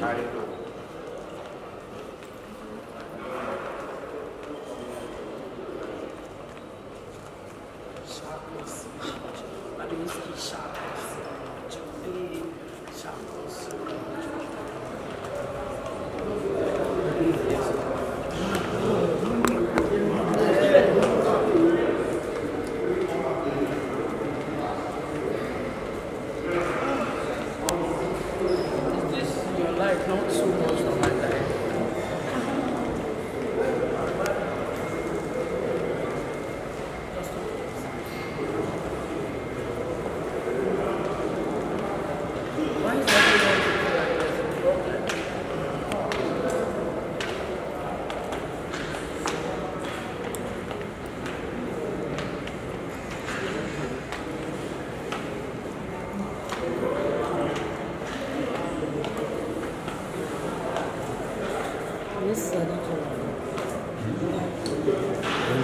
下一步，下一步事情，关于下一步准备，下一步。life, not so much on my life.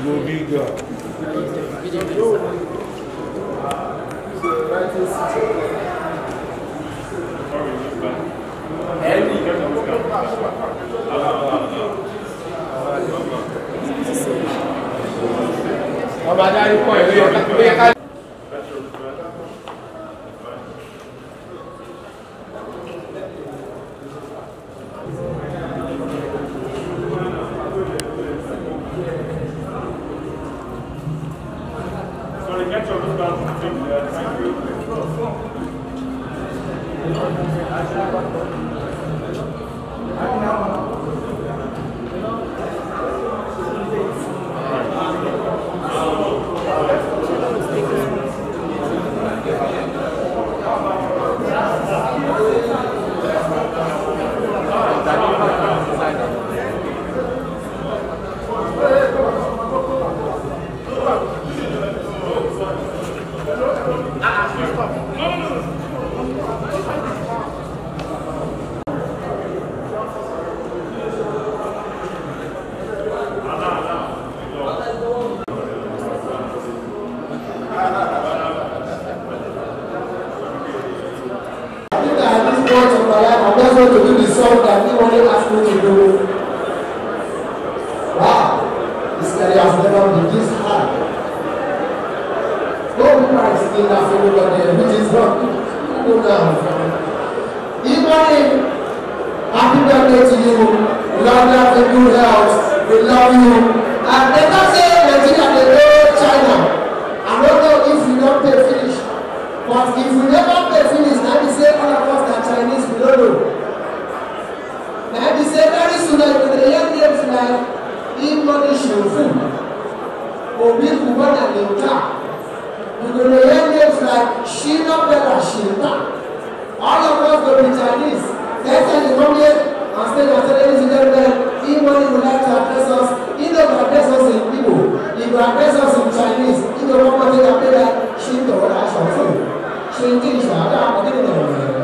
go big Thank you. point of my life, I'm not going to do the song that anybody asked me to do. Wow, this guy has never been this hard. God Christ in that fellow nobody. which is not good now. Even if happy birthday to you. We love you, have a good health. We love you. And never say, is a very student with a young girl's life, in money should food. Or be who want a new car. Because the young girl's life, she not better, she not. All of us will be Chinese. Next time you come here and stay and say, ladies and gentlemen, in money would like to address us. In the address us in Igbo, if you address us in Chinese, in the one thing I pay that, she don't ask for food. She thinks, I don't know.